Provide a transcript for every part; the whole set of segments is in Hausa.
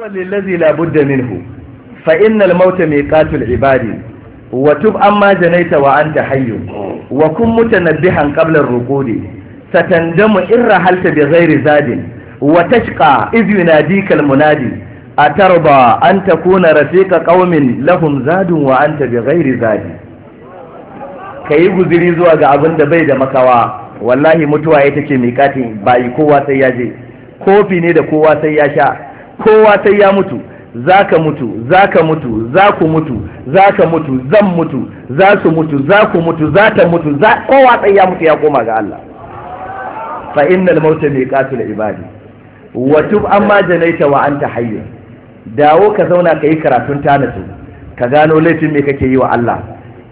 وللذي لا بد منه فإن الموت ميقات العباد وتب أما جنيت وأنت حي وكن متنبها قبل الرقود ستندم إن رحلت بغير زاد وتشقى إذ يناديك المنادي أترضى أن تكون رفيق قوم لهم زاد وأنت بغير زاد كي يغزري زواج أبن بيد مكوا والله متوى يتكي ميقات باي قوة سياجي كوفي نيد قوة سياشا kowa sai ya mutu za ka mutu za ka mutu za ku mutu za ka mutu zan mutu za su mutu za ku mutu za ta mutu za kowa sai ya mutu ya koma ga Allah fa innal mauta miqatu li ibadi wa tub amma janaita wa anta hayy dawo ka zauna kai karatun tanatu ka gano laifin me kake yi wa Allah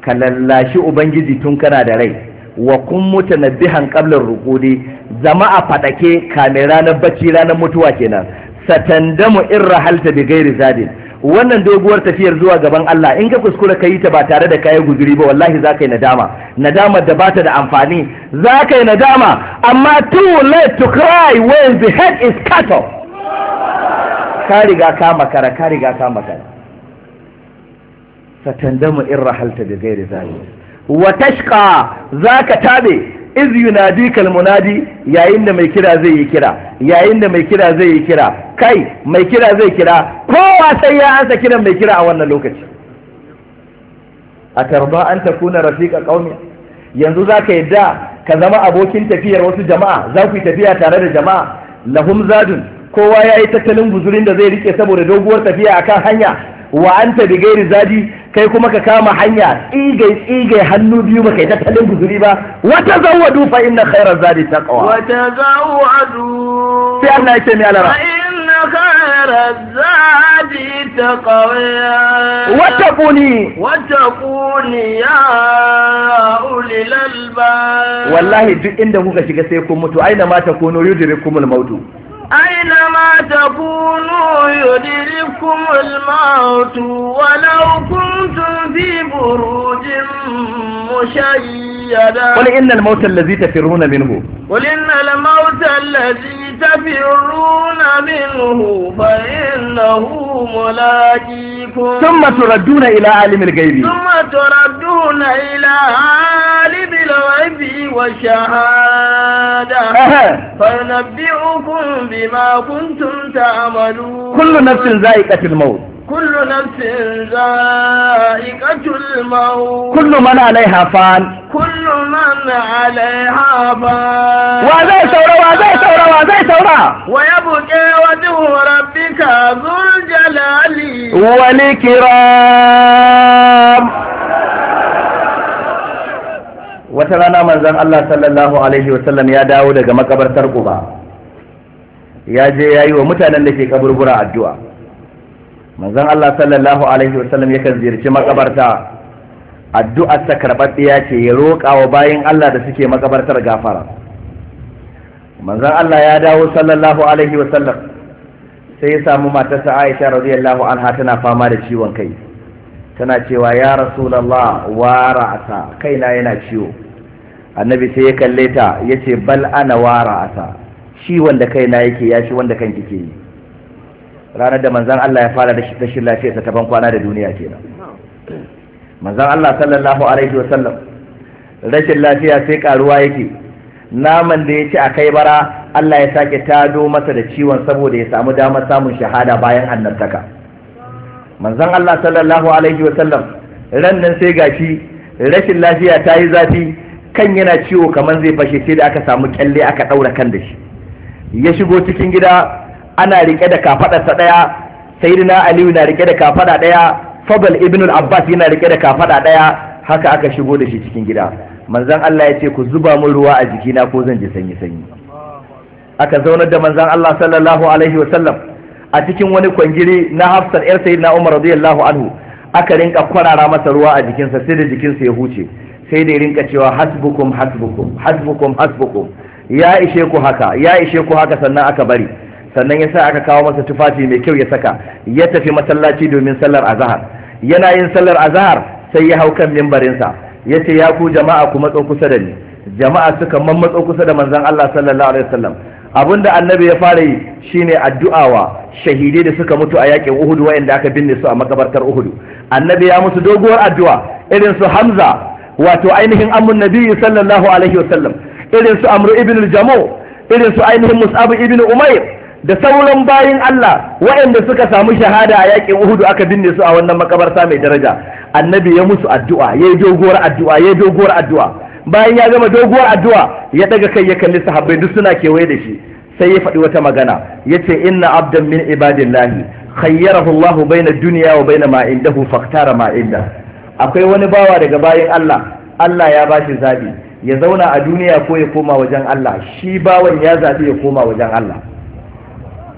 ka lallashi ubangiji tun kana da rai wa kun mutu na bihan ƙablar rukudi zama a faɗake ranar bacci ranar mutuwa kenan satandamu in rahalta bi gairi zadin wannan doguwar tafiyar zuwa gaban Allah in ka kuskura ka yi ta ba tare da kayan guzuri ba wallahi za ka yi nadama nadamar da bata da amfani za ka yi nadama amma too late to cry when the head is cut off ka riga ka makara ka riga ka makara satandamu in rahalta bi gairi zadin wa tashqa za ka tabe iz yunadikal munadi yayin da mai kira zai yi kira yayin da mai kira zai yi kira kai mai kira zai kira kowa sai ya ansa kiran mai kira a wannan lokaci a tarba an na rafiqa qaumi yanzu zaka yadda ka zama abokin tafiyar wasu jama'a za ku yi tafiya tare da jama'a lahum zadun kowa ya yi tattalin guzurin da zai rike saboda doguwar tafiya akan hanya wa an bi gairi zadi kai kuma ka kama hanya tsigai tsigai hannu biyu ba kai ta talin guzuri ba wa tazawwadu fa inna khayra zadi taqwa wa tazawwadu sai Allah yake mai alara inna khayra zadi taqwa wa kuni wa kuni ya ulil albab wallahi duk inda kuka shiga sai kun mutu aina ma kuno yudrikumul mautu أينما تكونوا يدرككم الموت ولو كنتم في بروج مشيدة قل إن الموت الذي تفرون منه قل إن الموت الذي تفرون منه فإنه ملاقيكم ثم تردون إلى عالم الغيب ثم تردون إلى عالم الغيب والشهادة فينبئكم بما كنتم تعملون كل نفس ذائقة الموت كل نفس الموت كل من عليها فان كل من عليها فان وذي سورة وذي سورة وذي سورة ويبكي وجه ربك ذو الجلال والكرام وترانا من زن الله صلى الله عليه وسلم يا داود كما كبرت ترقبا يا جي يا ايوه متى لنفي كبر برا الدواء manzon Allah sallallahu alaihi wasallam yakan ziyarci makabarta addu'ar ta karɓaɗɗiya ce ya roƙa wa bayin Allah da suke makabartar gafara manzon Allah ya dawo sallallahu alaihi wasallam sai ya samu matarsa Aisha radiyallahu anha tana fama da ciwon kai tana cewa ya rasulullah ra'asa kaina yana ciwo annabi sai ya kalle ta yace bal ana wa ra'asa, ciwon da kaina yake yashi wanda kanki ke yi ranar da manzan Allah ya fara da tashin lafiya ta kwana da duniya kenan manzan Allah sallallahu alaihi wa sallam rashin lafiya sai karuwa yake naman da ya ci a kai bara Allah ya sake tado masa da ciwon saboda ya samu damar samun shahada bayan annartaka manzan Allah sallallahu alaihi wa sallam ran nan sai gashi rashin lafiya ta yi zafi kan yana ciwo kamar zai fashe sai da aka samu kyalle aka ɗaura kan da shi ya shigo cikin gida ana rike da kafadarsa daya sayyidina aliyu na rike da kafada daya fadl ibn al-abbas yana rike da kafada daya haka aka shigo da shi cikin gida manzon Allah ya ce ku zuba mun ruwa a jikina ko zan ji sanyi sanyi aka zauna da manzon Allah sallallahu alaihi wa sallam a cikin wani kwangiri na Hafsat yar sayyidina Umar radiyallahu anhu aka rinka kwarara masa ruwa a jikinsa sai da jikinsa ya huce sai da rinka cewa hasbukum hasbukum hasbukum hasbukum ya ishe ku haka ya ishe ku haka sannan aka bari sannan ya sa aka kawo masa tufafi mai kyau ya saka ya tafi masallaci domin sallar azahar yana yin sallar azahar sai ya hau kan mimbarinsa ya ce ya ku jama'a ku matso kusa da ni jama'a suka mammatso kusa da manzon Allah sallallahu alaihi wasallam abinda annabi ya fara yi shine addu'a wa shahidai da suka mutu a yakin Uhud wayanda aka binne su a makabartar Uhud annabi ya musu doguwar addu'a irin su Hamza wato ainihin ammun nabi sallallahu alaihi wasallam irin su Amr ibn al-Jamu irin su ainihin Mus'ab ibn Umayr da sauran bayin Allah waɗanda suka samu shahada a yakin Uhudu aka binne su a wannan makabarta mai daraja annabi ya musu addu'a ya yi doguwar addu'a ya yi doguwar addu'a bayan ya gama doguwar addu'a ya ɗaga kai ya kalli sahabbai duk suna kewaye da shi sai ya faɗi wata magana ya ce inna abdan min ibadillahi khayyarahu Allah baina duniya wa baina ma indahu faktara ma inda akwai wani bawa daga bayin Allah Allah ya bashi zabi ya zauna a duniya ko ya koma wajen Allah shi bawan ya zabi ya koma wajen Allah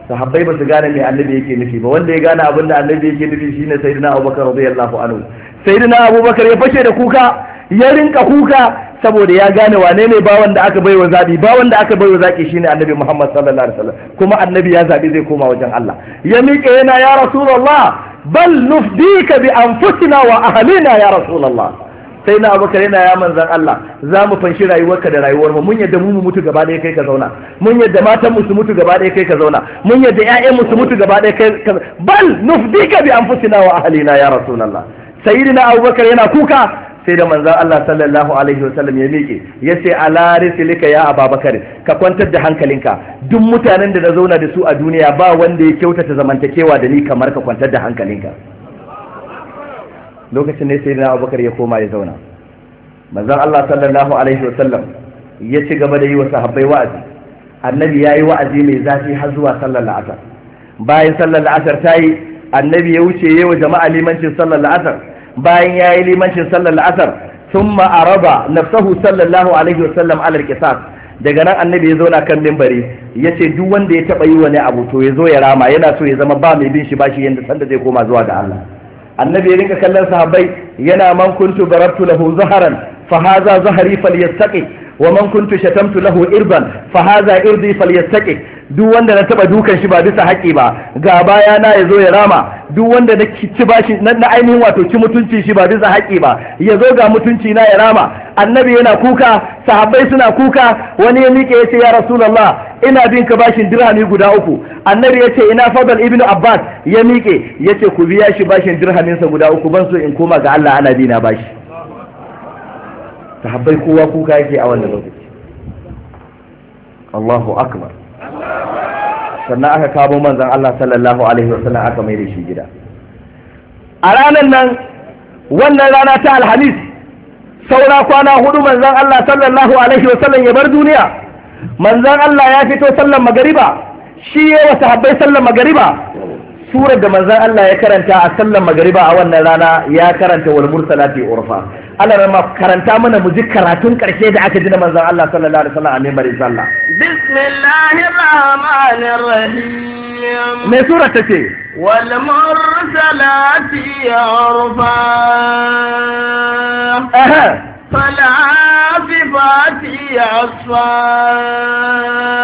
sahabbai ba su gane me annabi yake nufi ba wanda ya gane abin da annabi yake nufi shine sayyidina abubakar radiyallahu anhu sayyidina abubakar ya fashe da kuka ya rinka kuka saboda ya gane wane ne ba wanda aka baiwa zabi ba wanda aka baiwa zaki shine annabi Muhammad sallallahu alaihi wasallam kuma annabi ya zaɓi zai koma wajen Allah ya miƙe yana ya rasulullah bal nufdika bi anfusina wa ahlina ya rasulallah. sai na abubakar yana ya manzan Allah za mu fanshi rayuwarka da rayuwar mu mun yadda mu mutu gaba ɗaya kai ka zauna mun yadda matan mu su mutu gaba ɗaya kai ka zauna mun yadda ƴaƴan mu su mutu gaba ɗaya kai ka bal nufdika bi anfusina wa ahlina ya rasulullah sayyidina abubakar yana kuka sai da manzan Allah sallallahu alaihi wasallam ya miƙe ya ce ala risilika ya ababakar ka kwantar da hankalinka duk mutanen da na zauna da su a duniya ba wanda ya kyautata zamantakewa da ni kamar ka kwantar da hankalinka lokacin ne sai na abubakar ya koma ya zauna manzon Allah sallallahu alaihi wasallam ya ci gaba da yi wa sahabbai wa'azi annabi ya yi wa'azi mai zafi har zuwa sallar la'asar bayan sallar la'asar ta yi annabi ya wuce yi wa jama'a limancin sallar la'asar bayan ya yi limancin sallar la'asar sun ma'araba nafsahu sallallahu alaihi wasallam alal kisas daga nan annabi ya zauna kan mimbari ya ce duk wanda ya taɓa yi wani abu to ya zo ya rama yana so ya zama ba mai bin shi ba shi yadda sanda zai koma zuwa ga Allah annabi ya rinka kallon sahabbai yana man kuntu barabtu lahu zaharan fa hadha zahri falyattaqi wa man kuntu shatamtu lahu irban fa hadha irdi falyattaqi duk wanda na taba dukan shi ba bisa haƙi ba ga baya na ya zo ya rama duk wanda na ci bashi na ainihin wato ci mutunci shi ba bisa haƙi ba ya zo ga mutunci na ya rama annabi yana kuka sahabbai suna kuka wani ya miƙe ya ce ya rasulullah ina bin ka bashin dirhami guda uku annabi ya ce ina fadal ibnu abbas ya miƙe ya ce ku biya shi bashin sa guda uku ban so in koma ga allah ana bi na bashi sahabbai kowa kuka yake a wannan lokaci allahu akbar sannan aka kamo manzon Allah sallallahu alaihi wasallam aka mai da shi gida a ranar nan wannan rana ta alhamis saura kwana hudu manzon Allah sallallahu alaihi wasallam ya bar duniya manzon Allah ya fito sallan magariba shi ya wa sahabbai sallan magariba surar da manzan Allah ya karanta a sallan magariba a wannan rana ya karanta wal mursalati urfa Allah rama karanta mana mu ji karatun karshe da aka ji da manzon Allah sallallahu alaihi wasallam a mimbarin sallah bismillahir rahmanir rahim me sura tace wal mursalati urfa Bí Allah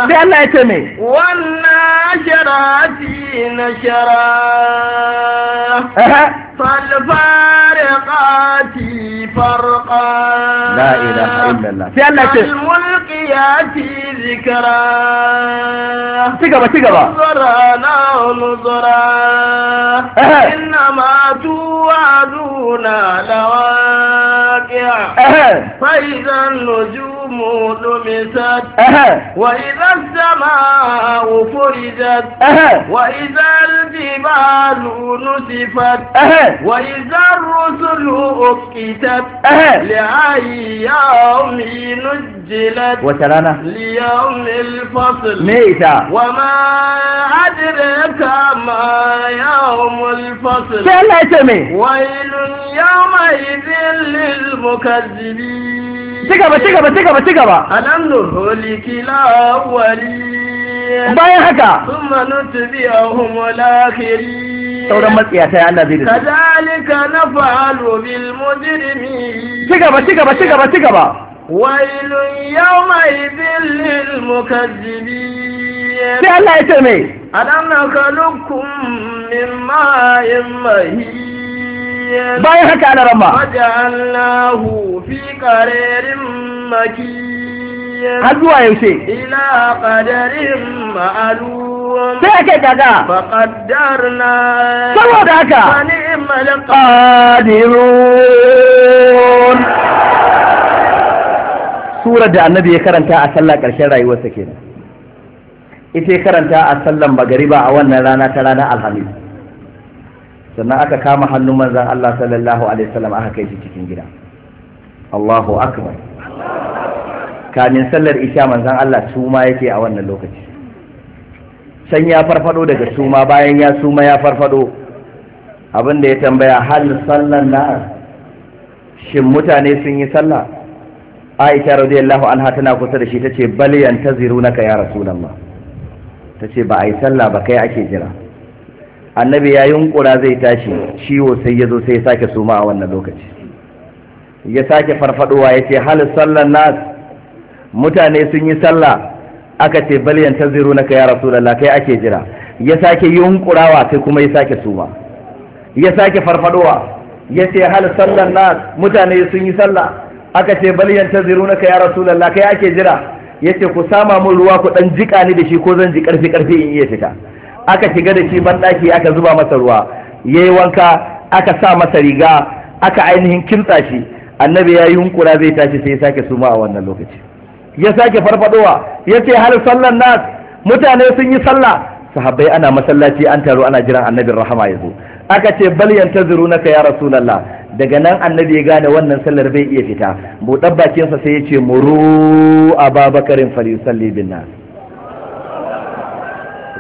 ya ce mai? Wannan shara ti na shara. Falfare ƙati farƙar. لا إله إلا الله في الله كيف ولقياتي ذكرى تقبى تقبى نظرى إنما توعدون على واقع فإذا النجوم لمست وإذا السماء فرجت وإذا الجبال نسفت وإذا الرسل أكتت لأي ليوم نجلت وترانا ليوم الفصل ميتا وما أدرك ما يوم الفصل سلتمي ويل يومئذ للمكذبين cigaba cigaba cigaba cigaba alam nuhliki lawali bayan haka thumma nutbi'uhum al-akhirin sauran matsiyata Allah zai da kadalika nafa'alu bil mujrimin ci gaba ci gaba ci gaba ci gaba wailun yau mai lil mukazzibin sai Allah ya ce me alam nakalukum min ma'in mahin bayan haka ana ramba waja'alnahu fi qararin makin har zuwa yaushe ila qadarin ma'lum sai ake kaga fa qaddarna saboda haka ni'mal qadirun surar da annabi ya karanta a sallah ƙarshen rayuwarsa kenan ita ya karanta a sallan magariba a wannan rana ta ranar alhamis sannan aka kama hannun manzan Allah sallallahu alaihi wasallam aka kai shi cikin gida Allahu akbar kamin sallar isha manzan Allah suma yake a wannan lokaci can ya farfado daga suma bayan ya suma ya farfado abinda ya tambaya hal sallan na shin mutane sun yi sallah aisha radiyallahu anha tana kusa da shi ta tace bal sunan ya ta ce ba a yi sallah ba kai ake jira annabi ya yunkura zai tashi ciwo sai ya zo sai ya sake suma a wannan lokaci ya sake farfadowa ce hal sallan na. mutane sun yi sallah aka ce bal na naka ya rasulullah kai ake jira ya sake yunkurawa kai kuma ya sake suma ya sake farfadowa ya ce hal sallan na mutane sun yi sallah aka ce bal na naka ya rasulullah kai ake jira ya ce ku sama mun ruwa ku dan jika ni da shi ko zan ji karfi karfi in iya fita aka shiga da shi banɗaki aka zuba masa ruwa ya yi wanka aka sa masa riga aka ainihin kimtsa shi annabi ya yi hunkura zai tashi sai ya sake suma a wannan lokaci ya sake farfadowa ya ce hal sallan nas mutane sun yi sallah sahabbai ana masallaci an taro ana jiran annabin rahama ya zo aka ce bal yantaziru naka ya rasulullah daga nan annabi ya gane wannan sallar bai iya fita buɗar bakinsa sai ya ce muru ababakarin falisalli bin nas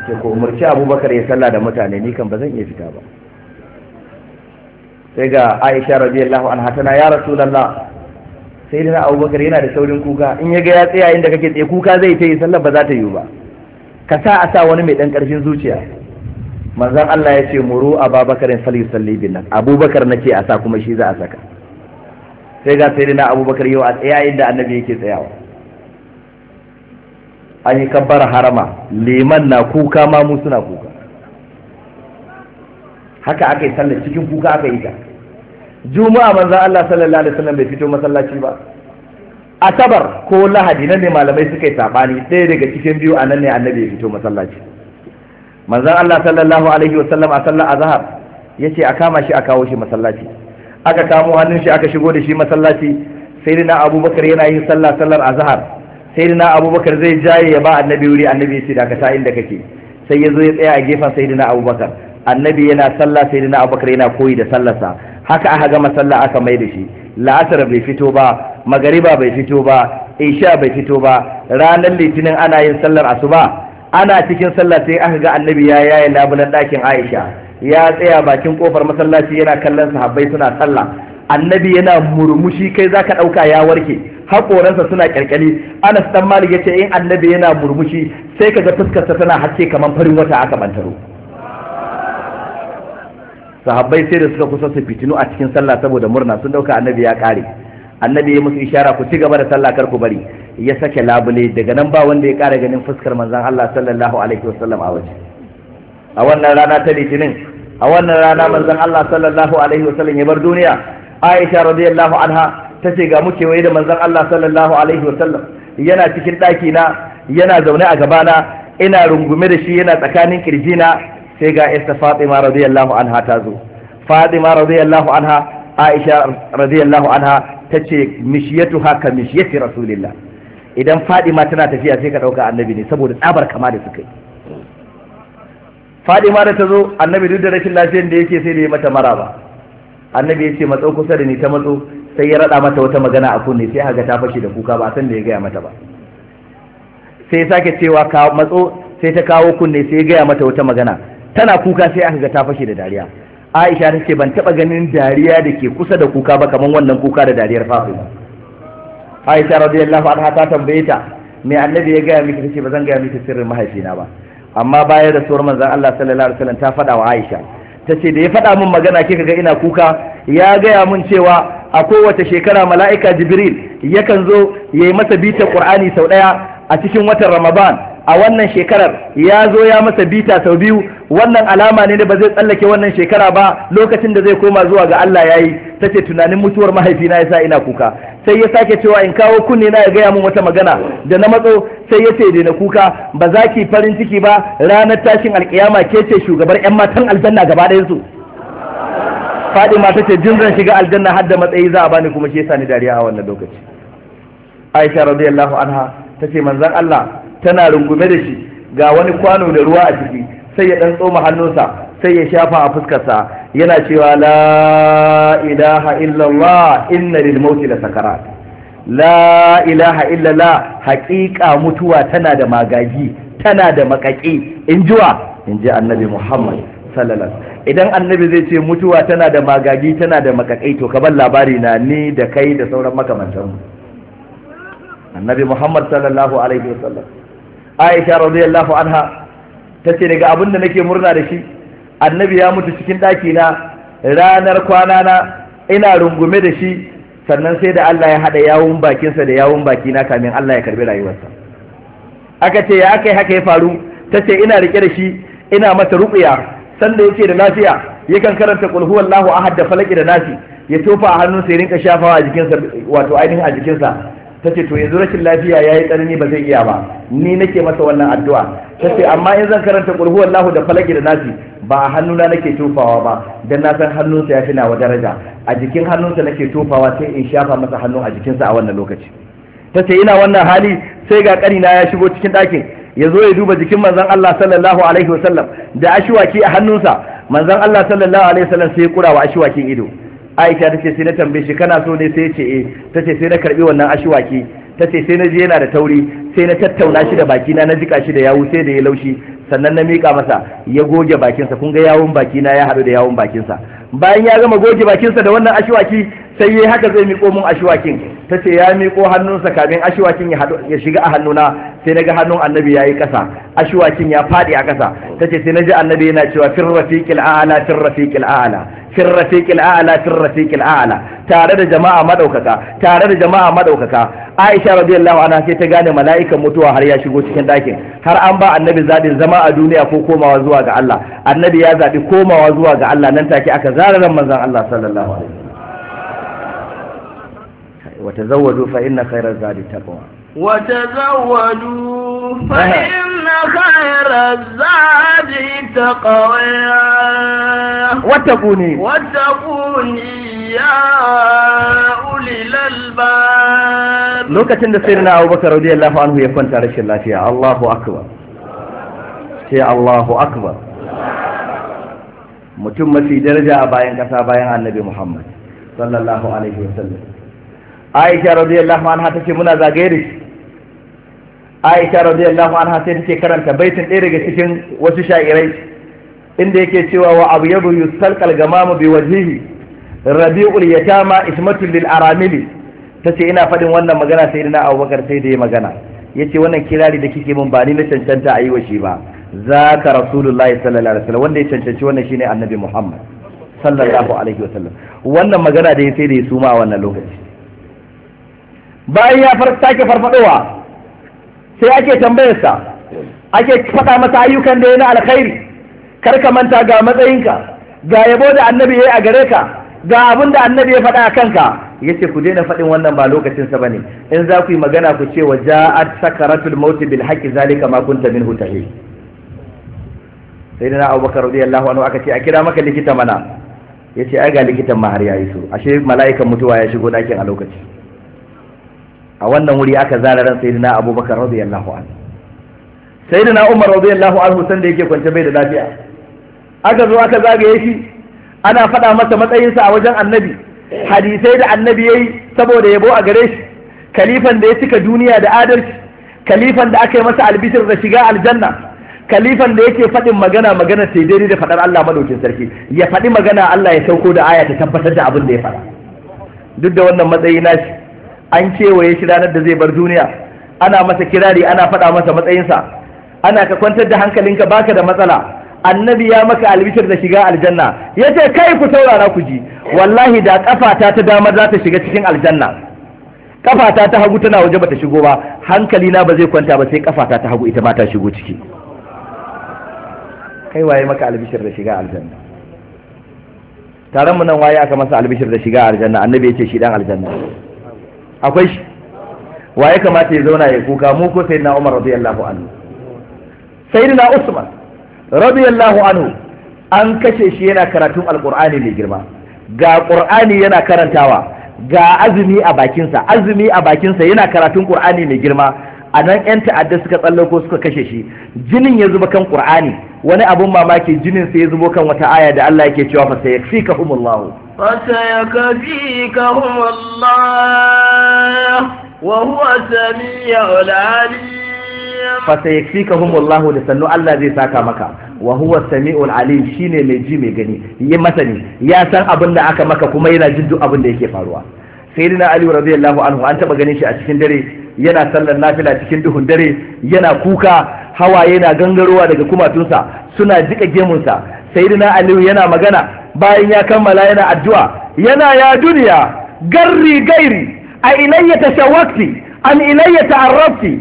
ke ko umarci abubakar ya sallah da mutane ni kan ba zan iya fita ba sai ga aisha radiyallahu anha tana ya rasulullah sai da abubakar yana da saurin kuka in ya ga ya tsaya inda kake tsaye kuka zai ta yi sallar ba za ta yiwu ba ka sa a sa wani mai dan karfin zuciya manzon Allah ya ce muru Babakar in salli bin nan. abubakar ce a sa kuma shi za a saka sai ga sai da abubakar yau a tsaya inda annabi yake tsayawa an yi kabbar harama liman na kuka ma mu suna kuka haka aka yi sallar cikin kuka aka yi ta juma'a manzan Allah sallallahu alaihi wasallam bai fito masallaci ba asabar ko lahadi nan ne malamai suka yi sabani ɗaya daga cikin biyu a nan ne annabi ya fito masallaci manzan Allah sallallahu alaihi wasallam a sallar azhar yace a kama shi a kawo shi masallaci aka kamo hannun shi aka shigo da shi masallaci sayyidina abubakar yana yin sallah sallar azhar sayyidina abubakar zai jaye ya ba annabi wuri annabi ya ce da ka inda kake sai ya zo ya tsaya a gefen sayyidina abubakar annabi yana sallah sayyidina abubakar yana koyi da sallarsa haka aka gama sallah aka mai da shi la'asar bai fito ba magariba bai fito ba isha bai fito ba ranar litinin ana yin sallar asuba ana cikin sallah sai aka ga annabi ya yaye labulan ɗakin aisha ya tsaya bakin kofar masallaci yana kallon sahabbai suna sallah annabi yana murmushi kai zaka ɗauka ya warke haƙoransa suna ƙyalƙyali anas dan malik ce in annabi yana murmushi sai kaga fuskarsa tana haske kamar farin wata aka bantaro sahabbai sai da suka kusa su fitinu a cikin sallah saboda murna sun dauka annabi ya kare annabi ya musu ishara ku ci gaba da sallah kar ku bari ya sake labule daga nan ba wanda ya kare ganin fuskar manzon Allah sallallahu alaihi wasallam a waje a wannan rana ta litinin a wannan rana manzon Allah sallallahu alaihi wasallam ya bar duniya Aisha radiyallahu anha ta ce ga muke waye da manzon Allah sallallahu alaihi wasallam yana cikin daki na yana zaune a gabana ina rungume da shi yana tsakanin kirjina sai ga esta fatima radiyallahu anha ta zo fatima radiyallahu anha aisha radiyallahu anha ta ce mishiyatu haka mishiyati rasulillah idan fatima tana tafiya sai ka dauka annabi ne saboda tsabar kama da suka yi da ta zo annabi duk da rashin lafiyar da yake sai da ya mata maraba annabi ya ce matso kusa da ni ta matso sai ya rada mata wata magana a kunne sai haga ta fashe da kuka ba san da ya gaya mata ba sai sake cewa ka matso sai ta kawo kunne sai ya gaya mata wata magana tana kuka sai aka ga ta fashe da dariya aisha ta ce ban taba ganin dariya da ke kusa da kuka ba kamar wannan kuka da dariyar fatima aisha radiyallahu anha ta tambaye ta me annabi ya gaya miki tace ba zan gaya miki sirrin mahaifina ba amma bayan rasuwar manzon Allah sallallahu alaihi wasallam ta fada wa aisha tace da ya faɗa min magana kika ga ina kuka ya gaya mun cewa a kowace shekara mala'ika jibril yakan zo ya yi masa bita qur'ani sau ɗaya a cikin watan ramadan a wannan shekarar ya zo ya masa bita sau biyu wannan alama ne ba zai tsallake wannan shekara ba lokacin da zai koma zuwa ga Allah ya yi, ta ce tunanin mutuwar mahaifina sa ina kuka sai ya sake cewa in kawo kunne na ya gaya mun wata magana da na matso sai ya ce daina kuka ba za ki farin ciki ba ranar tashin alkiyama ke ce shugabar yan matan aljanna gaba ɗayan su Fadima ce jin zan shiga aljanna har da matsayi za a bani kuma shi yasa ni dariya a wannan lokaci Aisha radiyallahu anha ta ce manzon Allah tana rungume da shi ga wani kwano da ruwa a ciki sai ya dan tsoma hannunsa sai ya shafa a fuskarsa yana cewa la ilaha illallah inna lil mauti la sakarat la ilaha illallah haƙiƙa mutuwa tana da magaji tana da makaki in jiwa in ji annabi muhammad sallallahu alaihi idan annabi zai ce mutuwa tana da magagi tana da makakai to bar labari na ni da kai da sauran makamantanmu annabi muhammad sallallahu alaihi wasallam aisha radiyallahu anha tace daga abin da nake murna da shi annabi ya mutu cikin ɗaki na ranar kwana na ina rungume da shi sannan sai da Allah ya haɗa yawun bakinsa da yawun bakina kamin Allah ya karbi rayuwarsa aka ce ya aka haka ya faru ta ce ina rike da shi ina mata ruɓiya sanda yake da lafiya yakan karanta kul huwallahu ahad da falaki da nasi ya tofa a hannunsa ya rinka shafawa a jikinsa wato ainihin a jikinsa ta ce to yanzu rashin lafiya ya yi tsanani ba zai iya ba ni nake masa wannan addu'a ta ce amma in zan karanta ƙulhu wallahu da falaki da nasi ba a hannuna nake tofawa ba dan na san hannunsa ya fi nawa daraja a jikin hannunsa nake tofawa sai in shafa masa hannu a jikinsa a wannan lokaci ta ce ina wannan hali sai ga na ya shigo cikin ɗakin ya zo ya duba jikin manzon Allah sallallahu alaihi wasallam da ashiwaki a hannunsa manzon Allah sallallahu alaihi wasallam sai ya kura wa ashiwakin ido aisha ta ce sai na tambaye shi kana so ne sai ya ce eh ta ce sai na karbi wannan ashiwaki ta ce sai na je yana da tauri sai na tattauna shi da bakina na jika shi da yawu sai da ya laushi sannan na mika masa ya goge bakinsa kun ga yawun bakina ya haɗu da yawun bakinsa bayan ya gama goge bakinsa da wannan ashiwaki sai yayi haka zai miko mun ashiwakin ta ce ya miko hannunsa kafin ashiwakin ya shiga a hannuna sai na ga hannun annabi ya yi ƙasa ashiwakin ya faɗi a kasa ta ce sai na ji annabi yana cewa fir rafiqil a'ala fir fil rafiqil a'la fil rafiqil a'la tare da jama'a madaukaka tare da jama'a madaukaka Aisha radiyallahu anha sai ta gane mala'ikan mutuwa har ya shigo cikin ɗakin har an ba annabi zaɗin zama a duniya ko komawa zuwa ga Allah annabi ya zaɓi komawa zuwa ga Allah nan take aka zararan manzon Allah sallallahu alaihi wa tazawwadu fa inna khayra zadi taqwa وتزوجوا فإن خير الزاد تقويا واتقوني واتقوني يا أولي الألباب لوكا تند سيدنا أبو بكر رضي الله عنه يكون تارش الله يا الله أكبر يا الله أكبر متم في درجة أباين كسابين عن النبي محمد صلى الله عليه وسلم عائشة رضي الله عنها تشمنا ذا aisha radiyallahu anha sai take karanta baitin ɗaya daga cikin wasu sha'irai inda yake cewa wa abu yabu yusalqal gamamu bi wajhihi rabi'ul yatama ismatul lil aramili tace ina fadin wannan magana sai dina abubakar sai da ya magana yace wannan kirari da kike mun ba ni na cancanta a yi wa shi ba zaka rasulullahi sallallahu alaihi wasallam wanda ya cancanci wannan shine annabi muhammad sallallahu alaihi wasallam wannan magana da ya sai da ya suma a wannan lokaci bayan ya ke farfadowa sai ake tambayar sa ake faɗa masa ayyukan da ya na alkhairi kar ka manta ga matsayinka ga yabo da annabi ya yi a gare ka ga abin da annabi ya faɗa a kanka ya ce ku daina faɗin wannan ba lokacinsa ba ne in za ku yi magana ku ce wa ja'at sakaratul mauti bil haqqi zalika ma kunta minhu tahi sai na abubakar radiyallahu anhu aka ce a kira maka likita mana ya ce ai ga likitan ma har yayi su ashe mala'ikan mutuwa ya shigo dakin a lokaci a wannan wuri aka zara ran na abubakar radiyallahu anhu na umar radiyallahu anhu san da yake kwance bai da lafiya aka zo aka zagaye shi ana faɗa masa matsayinsa a wajen annabi hadisai da annabi ya yi saboda yabo a gare shi kalifan da ya cika duniya da adalci kalifan da aka yi masa albishir da shiga aljanna kalifan da yake faɗin magana magana sai daidai da faɗar Allah madaukin sarki ya faɗi magana Allah ya sauko da aya ta tabbatar da abin da ya faɗa duk da wannan matsayi nashi an kewaye shi ranar da zai bar duniya ana masa kirari ana faɗa masa matsayinsa ana ka kwantar da hankalinka baka da matsala annabi ya maka albishir da shiga aljanna ya ce kai ku saurara ku ji wallahi da kafata ta dama za ta shiga cikin aljanna kafata ta hagu tana waje bata shigo ba hankali na ba zai kwanta ba sai kafata ta hagu ita ma ta shigo ciki kai waye maka albishir da shiga aljanna taron mu nan waye aka masa albishir da shiga aljanna annabi ya ce shi dan aljanna akwai shi wa ya kamata ya zauna ya kuka mu ko sayyidina Umar radiyallahu anhu sayyidina Usman radiyallahu anhu an kashe shi yana karatun alqur'ani mai girma ga qur'ani yana karantawa ga azumi a bakinsa azumi a bakinsa yana karatun qur'ani mai girma a nan 'yan ta'adda suka tsallako suka kashe shi jinin ya zuba kan qur'ani wani abun mamaki jinin sai ya zubo kan wata aya da Allah yake cewa fa sayakfikahumullahu فسيكفيكهم الله وهو السميع العليم fasayakfikahum wallahu da sannu Allah zai saka maka wa huwa sami'ul alim shine mai ji mai gani yi masani ya san abin da aka maka kuma yana jin duk abin da yake faruwa sayyidina ali radiyallahu anhu an taba ganin shi a cikin dare yana sallar nafila cikin duhun dare yana kuka hawaye na gangarowa daga kumatunsa suna jika gemunsa sayyidina ali yana magana bayan ya kammala yana addu'a yana ya duniya garri gairi a ilayya shawakti an ilayya ta'arrafti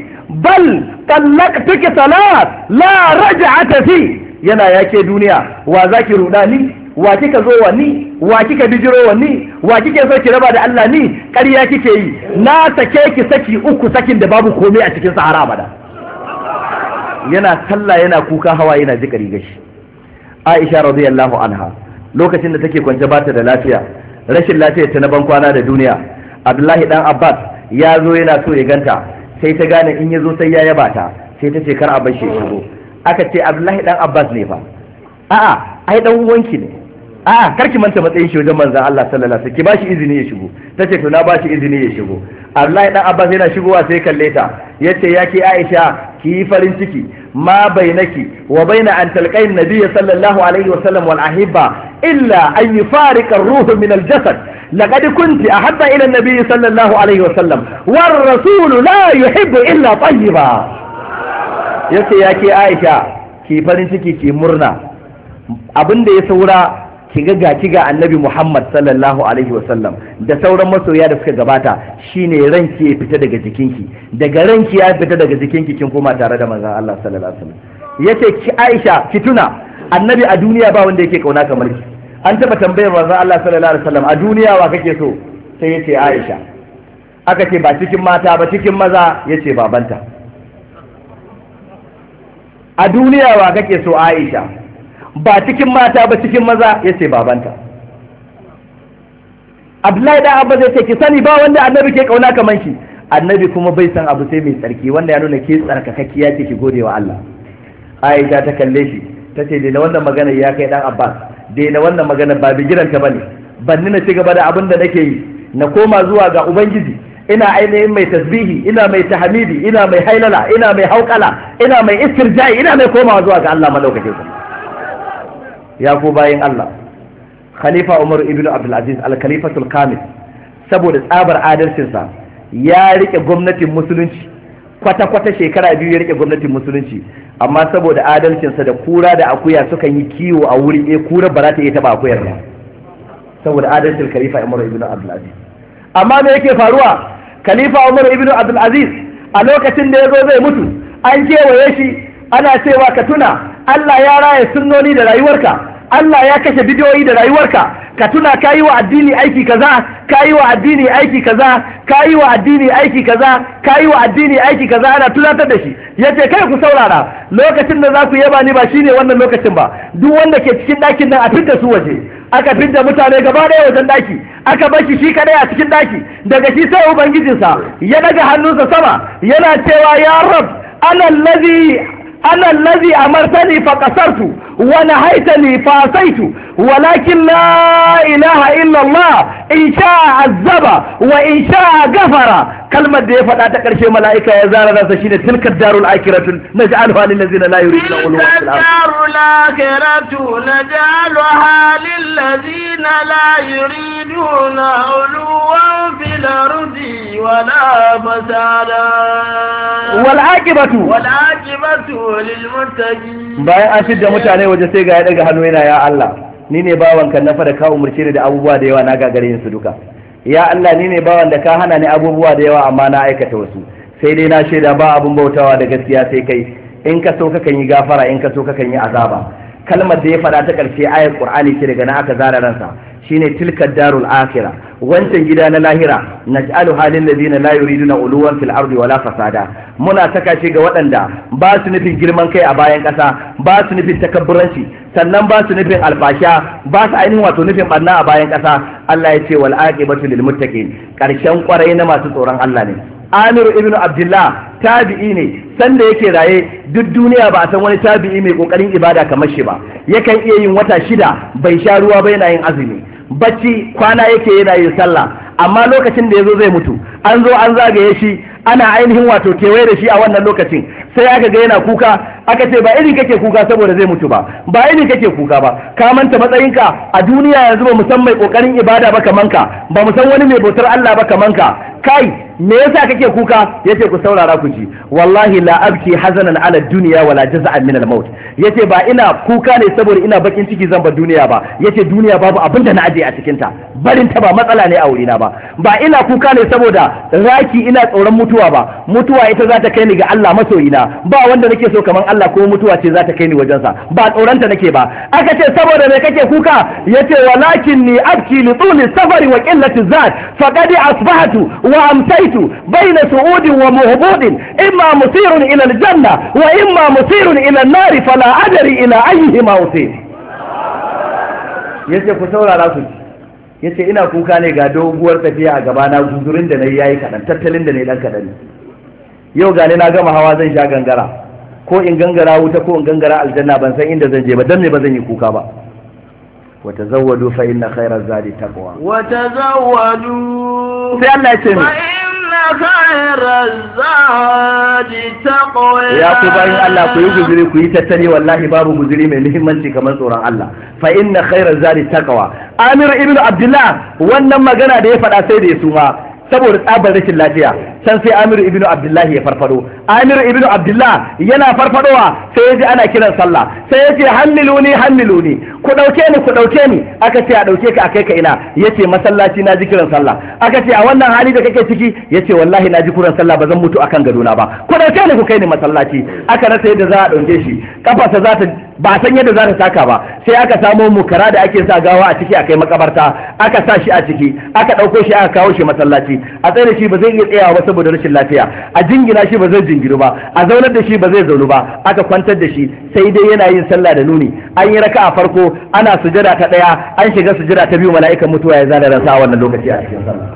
bal tallaqtuki salat la raj'ata fi yana yake duniya wa ki ruɗa ni wa kika zo wa ni wa kika bijiro wa ni wa kike so ki raba da Allah ni ƙarya kike yi na sake ki saki uku sakin da babu komai a cikin sahara bada yana sallah yana kuka hawa yana jikari gashi Aisha radiyallahu anha lokacin da take kwance bata da lafiya rashin lafiyar ta na ban kwana da duniya abdullahi dan abbas ya zo yana so ya ganta sai ta gane in ya zo sai ya yaba ta sai ta ce kar a bashe shigo aka ce abdullahi dan abbas ne fa a'a ai dan uwanki ne a'a kar ki manta matsayin shi wajen manzon Allah sallallahu alaihi wasallam ki bashi izini ya shigo ce to na bashi izini ya shigo Abdullahi dan Abbas yana shigowa sai kalle ta yace ke Aisha ki yi farin ciki ma bainaki wa baina an talqain nabiyyi sallallahu alaihi wasallam wal ahibba illa an yufarika ar-ruhu min al-jasad laqad kunti ahabba ila an-nabi sallallahu alaihi wa sallam war rasul la yuhibbu illa tayyiba yace yake Aisha ki farin ciki ki murna abinda ya saura ki ga gaci ga annabi Muhammad sallallahu alaihi wasallam da sauran masoya da suka gabata shine ranki ya fita daga jikinki daga ranki ya fita daga jikinki kin koma tare da manzon Allah sallallahu alaihi wasallam yace ki Aisha ki tuna annabi a duniya ba wanda yake kauna kamar ki an taba tambayar manzon Allah sallallahu alaihi wasallam a duniya wa kake so sai yace Aisha aka ce ba cikin mata ba cikin maza yace babanta a duniya wa kake so Aisha ba cikin mata ba cikin maza yace babanta Abdullahi da Abba zai ce ki sani ba wanda annabi ke kauna kaman shi annabi kuma bai san abu sai mai tsarki wanda ya nuna ke tsarkakakkiya ce ki gode wa Allah Aisha ta kalle shi ta ce da wannan magana ya kai dan Abbas daina wannan magana ba bigiranka bane banni na ci gaba da abin da nake yi na koma zuwa ga ubangiji ina ainihin mai tasbihi ina mai tahmidi ina mai hailala ina mai haukala ina mai istirja'i ina mai komawa zuwa ga Allah malaukake ku ya ku bayin Allah khalifa Umar Ibnu Abdul Aziz al-khalifatul kamil saboda tsabar adalcinsa ya rike gwamnatin musulunci kwata-kwata shekara biyu ya rike gwamnatin musulunci amma saboda adalcinsa da kura da akuya sukan yi kiwo a wuri ɗaya eh, kura ba za ta iya taba akuyar ba saboda adalcin khalifa umar ibn abdulaziz amma me yake faruwa khalifa umar ibn abdulaziz a lokacin da ya zo zai mutu an kewaye shi ana cewa ka tuna allah ya raya sunnoni da rayuwarka allah ya kashe bidiyoyi da rayuwarka ka tuna ka yi wa addini aiki kaza ka yi wa addini aiki kaza ka yi wa addini aiki kaza ka yi wa addini aiki kaza ana tunatar da shi ya ce kai ku saurara lokacin da za ku yaba ni ba shine wannan lokacin ba duk wanda ke cikin ɗakin nan a fitta su waje aka fidda mutane gaba ɗaya wajen ɗaki aka bar shi kaɗai a cikin ɗaki daga shi sai ubangijinsa ya daga hannunsa sama yana cewa ya rab ana lazi ana lazi amartani fa qasartu wa nahaitani fa asaitu walakin la ilaha illallah in sha'a azaba wa in sha'a gafara kalmar da ya faɗa ta ƙarshe mala'ika ya zara nasa shine tilkar darul akiratun naj'alha lil ladzina la yuriduna ulwa fil ard darul akiratu naj'alha lil ladzina la yuriduna ulwa fil ardi wala fasada wal aqibatu wal aqibatu lil bayan an da mutane waje sai ga ya hannu yana ya Allah ni ne bawan kan na da ka umarce ni da abubuwa da yawa na gagare yin su duka ya Allah ni ne bawan da ka hana ni abubuwa da yawa amma na aikata wasu sai dai na shaida ba abun bautawa da gaskiya sai kai in ka so kakan yi gafara in ka so kakan yi azaba kalmar da ya faɗa ta ƙarshe ayar ƙur'ani ce daga na aka zara ransa shine tilka darul akhirah wancan gida na lahira naj'alu halin ladina la yuriduna uluwan fil ardi wala fasada muna saka shi ga waɗanda ba su nufin girman kai a bayan ƙasa ba su nufin takabburanci sannan ba su nufin alfasha ba su ainihin wato nufin barna a bayan ƙasa Allah ya ce wal aqibatu lil muttaqin karshen kwarai na masu tsoron Allah ne Amiru ibn Abdullah tabi'i ne sanda yake raye duk duniya ba a san wani tabi'i mai ƙoƙarin ibada kamar shi ba yakan iya yin wata shida bai sha ruwa ba yana yin azumi bacci kwana yake yana yin sallah amma lokacin da ya zo zai mutu an zo an zagaye shi ana ainihin wato kewaye da shi a wannan lokacin sai aka ga yana kuka aka ce ba iri kake kuka saboda zai mutu ba ba iri kake kuka ba ka manta matsayinka a duniya yanzu ba mu san mai kokarin ibada ba kaman ka ba mu san wani mai bautar Allah ba kaman ka kai me yasa kake kuka yace ku saurara ku ji wallahi la abki hazanan ala dunya wala jaza'an min al-maut yace ba ina kuka ne saboda ina bakin ciki zan bar duniya ba yace duniya babu abin da na ajiye a cikin ta barin ta ba matsala ne a wurina ba ba ina kuka ne saboda raki ina tsoron mutuwa ba mutuwa ita za ta kai ni ga Allah masoyina ba wanda nake so kaman Allah ko mutuwa ce za ta kai ni wajensa ba tsoron ta nake ba aka ce saboda me kake kuka yace walakin ni abki li tuli safari wa qillati zat faqad asbahatu wa amsaytu bayna su'udin wa muhbudin imma musirun ila aljanna wa imma musirun ila an-nar fala wala adari ila ayyihi ma Ya yace ku saurara su Ya yace ina kuka ne ga doguwar tafiya a gaba na guzurin da nayi yayi kaɗan, tattalin da nayi dan kaɗan. yau gane na gama hawa zan sha gangara ko in gangara wuta ko in gangara aljanna ban san inda zan je ba dan me ba zan yi kuka ba وتزودوا فإن خير الزاد التقوى وتزودوا فإن ya ku bayan Allah ku yi guziri ku yi tattali wallahi babu kuziri mai muhimmanci kamar tsoron Allah fa inna khairaz zadi taqwa Amir ibn Abdullah wannan magana da ya faɗa sai da ya suma saboda tsabar rashin lafiya can sai amiru ibnu abdullahi ya farfado amiru ibnu abdullah yana farfadowa sai ya ji ana kiran sallah sai ya ce halliluni halliluni ku dauke ni ku dauke ni aka ce a dauke ka akai ka ina ya ce masallaci na ji kiran sallah aka ce a wannan hali da kake ciki ya ce wallahi na ji kuran sallah ba zan mutu akan gadona ba ku dauke ni ku kai ni masallaci aka rasa yadda za a dauke shi kafarsa za ta ba san yadda za ta saka ba sai aka samo mukara da ake sa gawa a ciki a kai makabarta aka sa shi a ciki aka ɗauko shi aka kawo shi masallaci a tsaye shi ba zai iya tsayawa ba saboda rashin lafiya a jingina shi ba zai jingiru ba a zaunar da shi ba zai zaunu ba aka kwantar da shi sai dai yana yin sallah da nuni an yi raka a farko ana sujada ta ɗaya an shiga sujada ta biyu mala'ikan mutuwa ya zana ransa a wannan lokaci a cikin sallah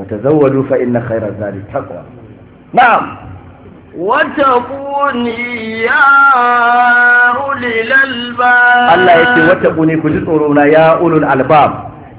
wa tazawwadu fa inna khayra zadi taqwa na'am Allah ya ce wata Allah ku ji tsoro na ya ulul albab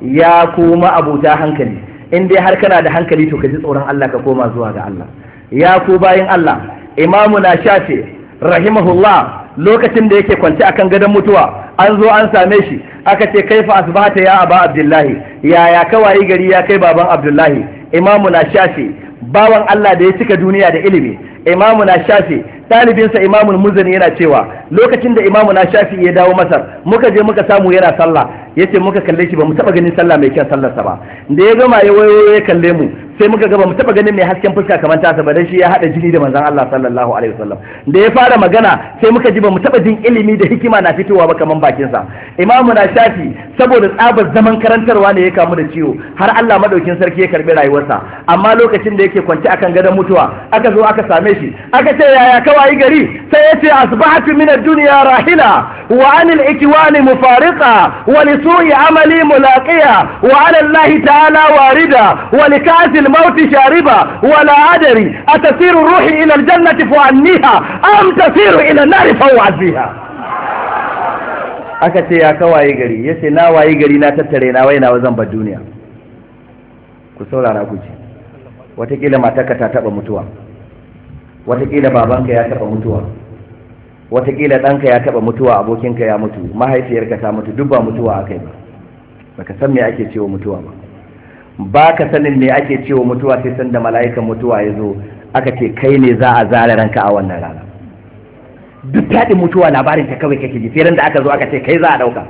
ya kuma abuta hankali in dai har kana da hankali to ka ji tsoron Allah ka koma zuwa ga Allah ya ku bayin Allah imamu na shafe rahimahullah lokacin da yake kwance akan gadon mutuwa an zo an same shi aka ce kaifa asbahata ya aba abdullahi yaya kawai gari ya kai baban abdullahi imamu na shafi bawan Allah da ya cika duniya da ilimi imamu na shafi talibinsa imamun muzani yana cewa lokacin da imamu na shafi ya dawo masar muka je muka samu yana sallah ya ce muka kalle shi ba mu taba ganin sallah mai kyan sallarsa ba da ya gama ya wayo ya kalle mu sai muka gaba mu taba ganin mai hasken fuska kamar ta ba dan shi ya hada jini da manzon Allah sallallahu alaihi wasallam da ya fara magana sai muka ji ba mu taba jin ilimi da hikima na fitowa ba kamar bakin sa imamu na shafi saboda tsabar zaman karantarwa ne ya kamu da ciwo har Allah madaukin sarki ya karbi rayuwarsa amma lokacin da yake kwance akan gadon mutuwa aka zo aka same shi aka ce yaya kawai gari sai ya ce asbahatu min ad-dunya rahila wa anil ikwani mufariqa wa li su'i amali mulaqiya wa ala Allah ta'ala warida wa li kasil maut shariba wa la adri atasiru ruhi ila al-jannati fa anniha am tasiru ila an-nar fa aka ce ya ka wayi gari ya ce na waye gari na tattare na waina zan bar duniya ku saurara ku ce watakila matarka ta taba mutuwa watakila babanka ya taba mutuwa watakila ɗanka ya taba mutuwa abokinka ya mutu mahaifiyarka ta mutu duk ba mutuwa akai ba baka san me ake cewa mutuwa ba ba ka sanin me ake cewa mutuwa sai sanda mala'ikan mutuwa ya zo aka ce kai ne za a zara ranka a wannan rana duk taɗin mutuwa labarin ta kawai kake ji sai da aka zo aka ce kai za a ɗauka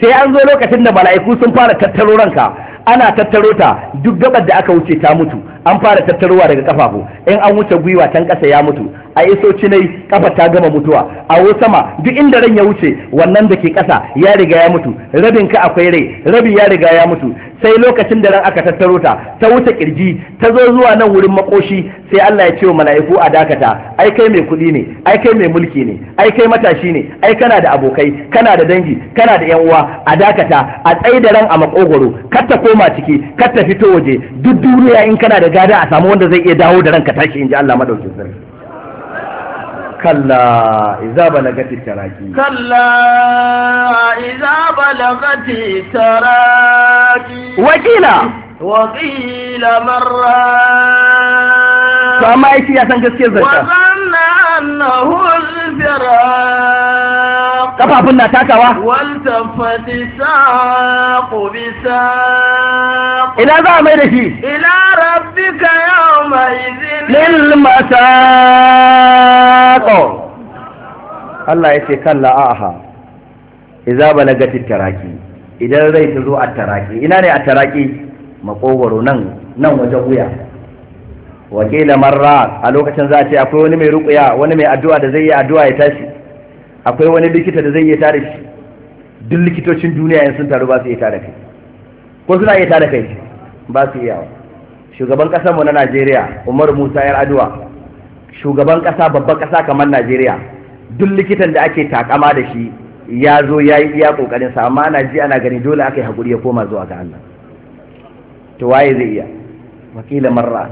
sai an zo lokacin da mala'iku sun fara tattaro ranka ana tattaro ta duk gabar da aka wuce ta mutu an fara tattarowa daga kafafu in an wuce gwiwa can ƙasa ya mutu a iso cinai kafa ta gama mutuwa a sama duk inda ran ya wuce wannan da ke ƙasa ya riga ya mutu rabin ka akwai rai rabi ya riga ya mutu sai lokacin da ran aka tattaro ta ta wuce kirji ta zo zuwa nan wurin makoshi sai Allah ya ce wa mala'iku a dakata ai kai mai kuɗi ne ai kai mai mulki ne ai kai matashi ne ai kana da abokai kana da dangi kana da yan uwa a dakata a tsai da ran a makogoro kar ta koma ciki kar ta fito waje duk duniya in kana da gada a samu wanda zai iya dawo da ranka tashi in ji Allah madaukakin sarki kalla iza balagati taraki kalla iza balagati taraki wakila wakila marra kama yake ya san gaske zai ta kafafun na takawa waltafati saqu bi saqu za mai da shi ila rabbika yawma idhin lil masaa talaqaw Allah ya ce kalla aha idza balagati taraki idan zai ta zo a taraki ina ne a taraki makogoro nan nan wajen wuya wakila marra a lokacin za a ce akwai wani mai rukuya wani mai addu'a da zai yi addu'a ya tashi akwai wani likita da zai yi tare shi duk likitocin duniya yin sun taru ba su yi tare kai ko suna yi tare kai ba su iya shugaban ƙasarmu na najeriya umar musa yar addu'a shugaban ƙasa babban ƙasa kamar najeriya duk likitan da ake takama da shi ya zo ya yi iya ƙoƙarinsa amma ana ji ana gani dole aka haƙuri ya koma zuwa ga allah to waye zai iya wakila marra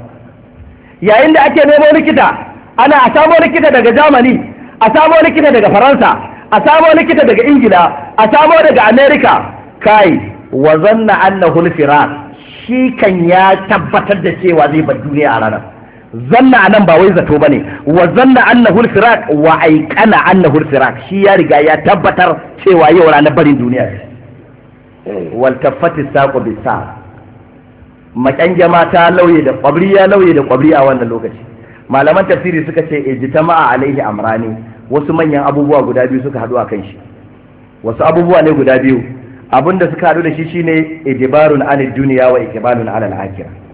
yayin da ake nemo likita ana a samo likita daga jamani a samo likita daga faransa a samo likita daga ingila a samo daga america kai wa zanna annahu al shi kan ya tabbatar da cewa zai bar duniya a ranar zanna a nan ba wai zato bane wa zanna annahul al-firaq wa aikana annahul shi ya riga ya tabbatar cewa yau ranar barin duniya ce wal tafati saqu bi sa mata lauye da kwabri ya lauye da kwabri a wannan lokaci malaman tafsiri suka ce ijtama'a alaihi amrani wasu manyan abubuwa guda biyu suka hadu a kan shi wasu abubuwa ne guda biyu abinda suka hadu da shi shine idibarun anid duniya wa ikbalun alal akhirah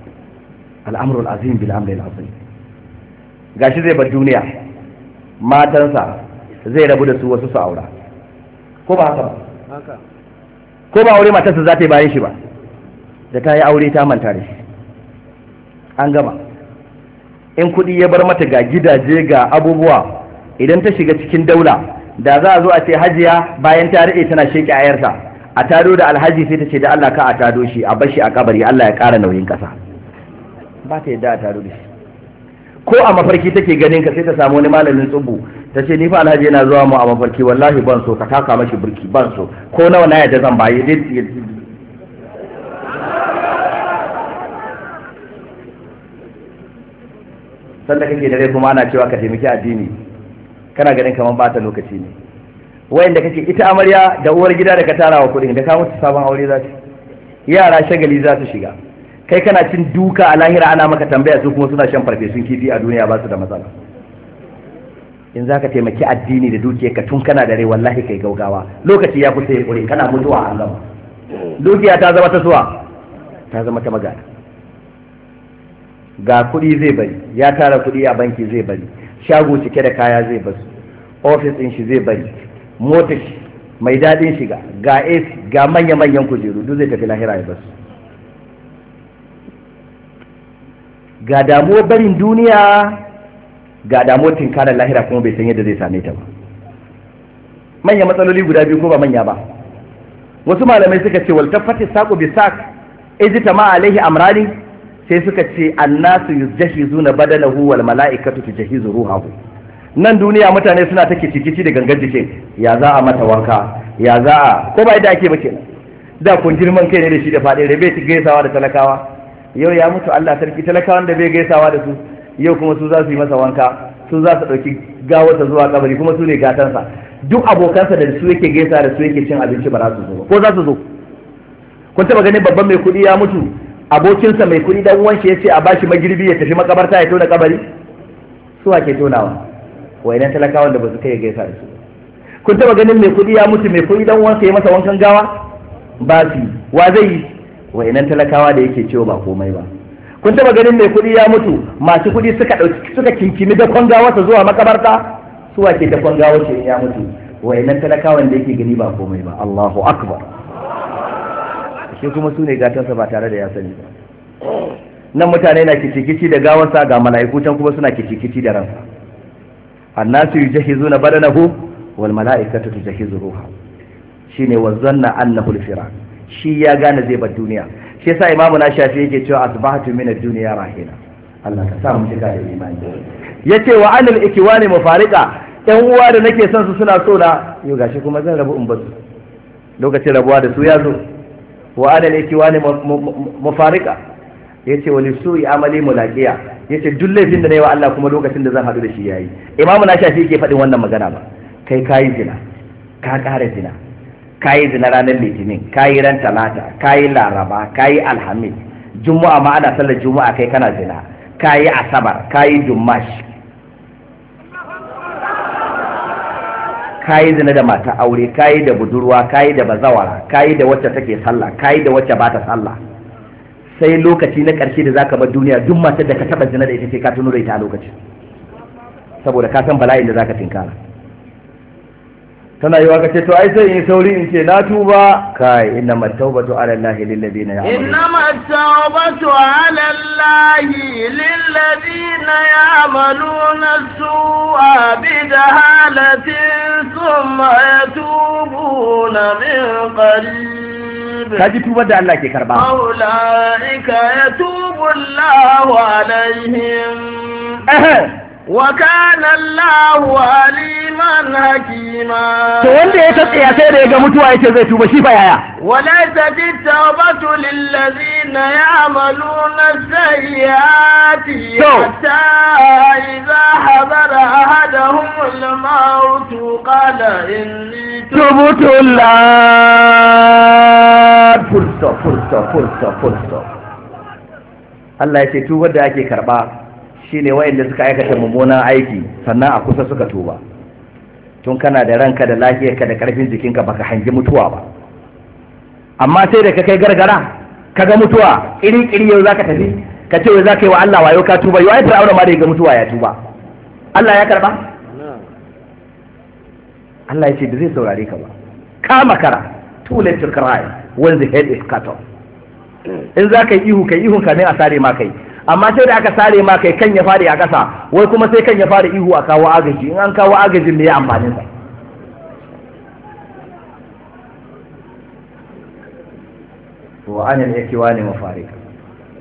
al'amrul azim bil amri al-azim gashi zai bar duniya matansa zai rabu da su wasu su aura ko ba haka ba ko ba aure matarsa za ta yi bayan shi ba da ta yi aure ta manta da shi an gama in kuɗi ya bar mata ga gidaje ga abubuwa idan ta shiga cikin daula da za a zo a ce hajiya bayan ta rike tana sheke ayarsa a tado da alhaji sai ta ce da Allah ka a tado shi a bashi a kabari Allah ya ƙara nauyin ƙasa ba ta yadda a taru da shi ko a mafarki take ganin ka sai ta samu wani malamin tsubu ta ce ni fa alhaji yana zuwa mu a mafarki wallahi ban so ka taka mashi burki ban so ko nawa na yadda zan baye dai da kake dare kuma ana cewa ka taimaki addini kana ganin kamar bata lokaci ne wayan da kake ita amarya da uwar gida da ka tara wa kudin da ka mutu sabon aure za ta yara shagali za su shiga kai kana cin duka a lahira ana maka tambaya su kuma suna shan farfesun kifi a duniya ba su da matsala in za ka taimaki addini da dukiya ka tun kana da rai wallahi kai gaugawa lokaci ya kusa ya kana mutuwa a gama dukiya ta zama ta suwa ta zama ta magana ga kuɗi zai bari ya tara kuɗi a banki zai bari shago cike da kaya zai basu ofis ɗin shi zai bari motar mai daɗin shiga ga AC ga manya-manyan kujeru duk zai tafi lahira ya basu ga damuwar barin duniya ga damuwar tinkarar lahira kuma bai san yadda zai same ta ba manya matsaloli guda biyu ko ba manya ba wasu malamai suka ce wal tafati saqu bi saq ijtama alaihi amrani sai suka ce annasu yujahizuna badalahu wal malaikatu tujahizu ruhahu nan duniya mutane suna ta cikici da gangan jikin ya za a mata wanka ya za a ko ba yadda ake ba kenan da kun girman kai ne da shi da faɗi rabe gaisawa da talakawa yau ya mutu Allah sarki talakawan da bai gaisawa da su yau kuma su za su yi masa wanka su za su ɗauki gawarsa zuwa kabari kuma su ne gatansa duk abokansa da su yake gaisa da su yake cin abinci ba za su zo ko za su zo kun taɓa ganin babban mai kuɗi ya mutu abokinsa mai kuɗi dan uwan shi ya ce a bashi magirbi ya tafi makabarta ya tona kabari su ake tonawa wayannan talakawan da ba su kai gaisa da su kun taɓa ganin mai kuɗi ya mutu mai kuɗi dan uwansa ya masa wankan gawa ba su wa zai yi Wa inan talakawa da yake cewa ba komai ba kun taba ganin mai kuɗi ya mutu masu kuɗi suka ɗauki suka kinkimi da kwangawarsa zuwa makabarta su wake da kwangawar ce ya mutu Wa inan talakawan da yake gani ba komai ba Allahu akbar shi kuma su ne gatansa ba tare da ya sani ba nan mutane na kicikici da gawarsa ga mala'iku can kuma suna kicikici da ransa annasu yujahizuna badanahu wal mala'ikatu tujahizu ruha shine wazanna annahu al-firaq shi ya gane zai bar duniya shi yasa imamu na shafi yake cewa asbahatu min ad-dunya rahina Allah ka sa mu shiga da imani yace wa anil ikwani mufariqa yan uwa da nake son su suna so na yo gashi kuma zan rabu in basu lokacin rabuwa da su ya zo wa anil ikwani mufariqa yace wa lisu'i amali mulaqiya yace duk laifin da nayi wa Allah kuma lokacin da zan hadu da shi yayi imamu na shafi yake faɗin wannan magana ba kai kayi zina ka ƙara zina Ka yi zina ranar litinin ka yi ran talata yi laraba ka yi alhamis juma'a ma ana sallar juma'a kai kana zina ka yi asabar ka yi dummash ka yi zina da mata aure ka yi da budurwa ka yi da bazawara ka yi da wacce take sallah ka yi da wacce ba ta sallah sai lokaci na ƙarshe da zaka bar duniya duk matar da ka taba zina da ita sai ka tuno da ita a lokacin saboda ka san bala'in da zaka tinkara tana yi waka ce to ai sai in sauri in ce na tuba kai inna matawbatu ala allahi lil ladina ya'maluna inna matawbatu ala allahi lil ladina ya'maluna su'a bi jahalatin thumma yatubuna min qarib kaji tuba da Allah ke karba aulaika yatubu allahu alaihim وكان الله عليما حكيما to wanda ya tsaya sai da ya ga mutuwa yace zai tuba shi fa yaya walaysa tawbatu lil ladina ya'maluna sayyiati hatta idza hadara ahaduhum al maut qala inni tubtu la full stop full stop Allah ya ce tubar da ake karba Shi ne wayanda suka aikata mummunan aiki sannan a kusa suka tuba tun kana da ranka da lafiyarka da karfin jikinka baka hangi mutuwa ba amma sai da ka kai gargara ka ga mutuwa iri iri yau zaka tafi ka ce wai zaka yi wa Allah wayo ka tuba yau ai fir'auna ma da ga mutuwa ya tuba Allah ya karba Allah ya ce da zai saurare ka ba ka makara too late to cry when the head is cut off in za ka yi ihu kai ihun ka ne a sare ma kai amma sai da aka sare ma kai kan ya fadi a ƙasa wai kuma sai kan ya fara ihu a kawo agaji in an kawo agajin ne ya amfani sa wa anil ikwani mafarika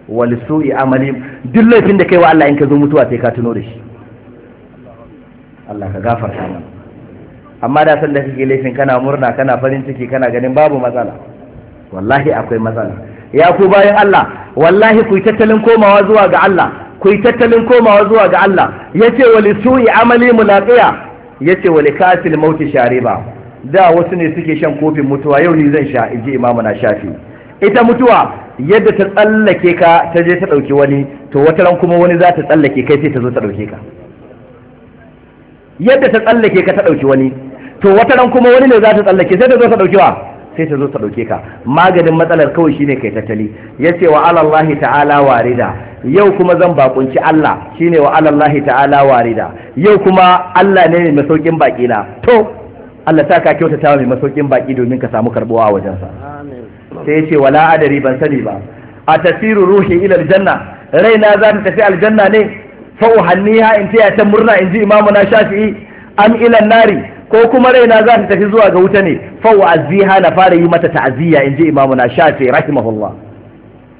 wal su'i amali duk laifin da kai wa Allah in ka zo mutuwa sai ka tuno da shi Allah ka gafarta mana amma da san da kake laifin kana murna kana farin ciki kana ganin babu matsala wallahi akwai matsala ya ku bayan Allah wallahi ku yi tattalin komawa zuwa ga Allah ku yi tattalin komawa zuwa ga Allah yace wali su'i amali mulaqiya yace wali kasil mauti shariba da wasu ne suke shan kofin mutuwa yau ni zan sha inji imamu na shafi ita mutuwa yadda ta tsallake ka ta je ta dauki wani to wata ran kuma wani za ta tsallake kai sai ta zo ta dauke ka yadda ta tsallake ka ta dauki wani to wata ran kuma wani ne za ta tsallake sai ta zo ta dauki wa sai ta zo ta dauke ka maganin matsalar kawai shine kai tattali ya ce wa alallahi ta'ala warida yau kuma zan bakunci Allah shine wa alallahi ta'ala warida yau kuma Allah ne mai masaukin baki na to Allah ta ka kyautata mai masaukin baki domin ka samu karbuwa a wajensa sai ya ce wala adari ban sani ba a tasiru ruhi ila aljanna raina za ta tafi aljanna ne fa uhanniha in ta murna in ji imamu na shafi'i am ila nari ko kuma raina za ta tafi zuwa ga wuta ne fawa aziha na fara yi mata ta'aziyya in ji imamu na shafi rahimahullah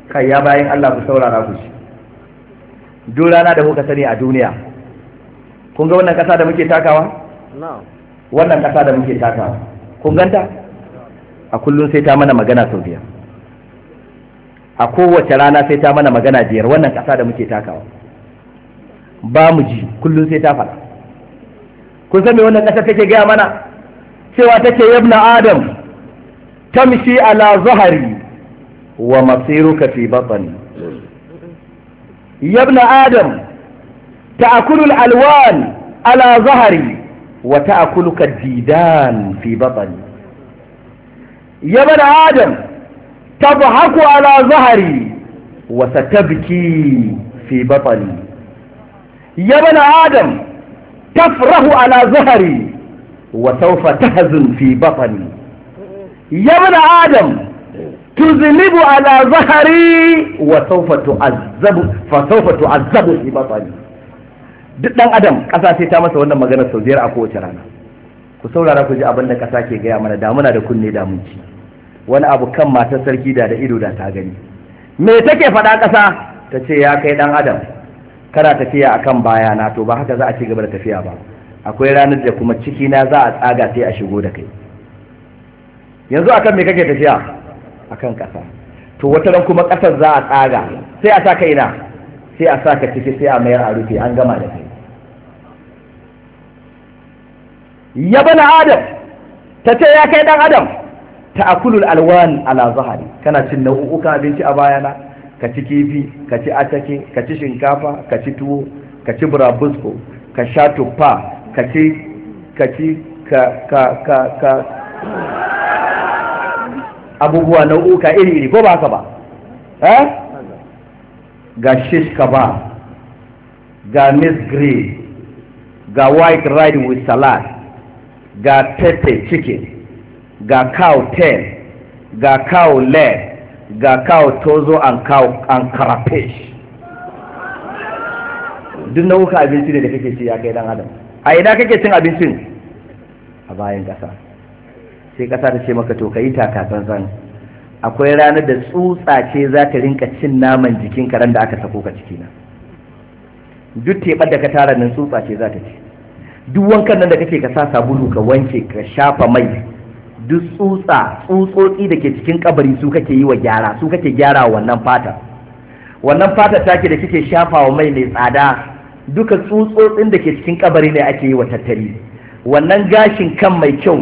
kai ya bayan Allah ku saurara ku shi duk rana da kuka sani a duniya kun ga wannan ƙasa da muke takawa wannan ƙasa da muke takawa kun ganta a kullum sai ta mana magana sau biyar a kowace rana sai ta mana magana biyar wannan ƙasa da muke takawa ba mu ji kullum sai ta faɗa kun san me wannan ƙasa take gaya mana cewa take yabna adam tamshi ala zahari wa masiruka fi batni yabna adam ta'kulul alwan ala zahari wa ta'kuluka didan fi batni yabna adam tadhaku ala zahari wa satabki fi batni yabna adam tafrahu ala zahari wa sawfa tahzun fi batni ya ibn adam tuzlibu ala zahari wa sawfa tu'azzabu fa sawfa tu'azzabu fi batni duk dan adam kasa sai ta masa wannan magana sau biyar a kowace rana ku saurara ku ji abin da ƙasa ke gaya mana damuna da kunne damunci wani abu kan matar sarki da da ido da ta gani me take faɗa ƙasa ta ce ya kai ɗan adam kana tafiya akan bayana to ba haka za a ci gaba da tafiya ba akwai ranar da kuma ciki na za a tsaga sai a shigo da kai yanzu akan me kake tafiya akan ƙasa to wata ran kuma kasar za a tsaga sai a sa kai na sai a sa ka ciki sai a mayar a rufe an gama da kai ya bana adam ta ce ya kai dan adam ta akulul alwan ala zahari kana cin nau'uka abinci a bayana ka ci kifi ka ci atake ka ci shinkafa ka ci tuwo ka ci burabusko ka sha tuffa ka ci ka ci ka ka ka ka abubuwa nau'uka iri-iri ko ba ka ba eh ga shish ba ga miss green, ga white rice with salad ga pepe chicken ga cow tail ga cow leg ga kawo tozo an kawo an karafe duk nau'uka abinci ne da kake ci ya kai adam a ina kake cin abincin a bayan kasa sai kasa ta ce maka to ka yi takasan zan akwai ranar da tsutsa ce za ta rinka cin naman jikin karen da aka sako ka ciki na duk teɓar da ka tara nan tsutsa ce za ta ci duk wankan nan da kake ka sa sabulu ka wanke ka shafa mai duk tsutsa tsutsotsi da ke cikin kabari su kake yi wa gyara su kake gyara wannan fata wannan fata take da kike shafawa mai mai tsada duka tsutsotsin da ke cikin kabari ne ake yi wa tattali wannan gashin kan mai kyau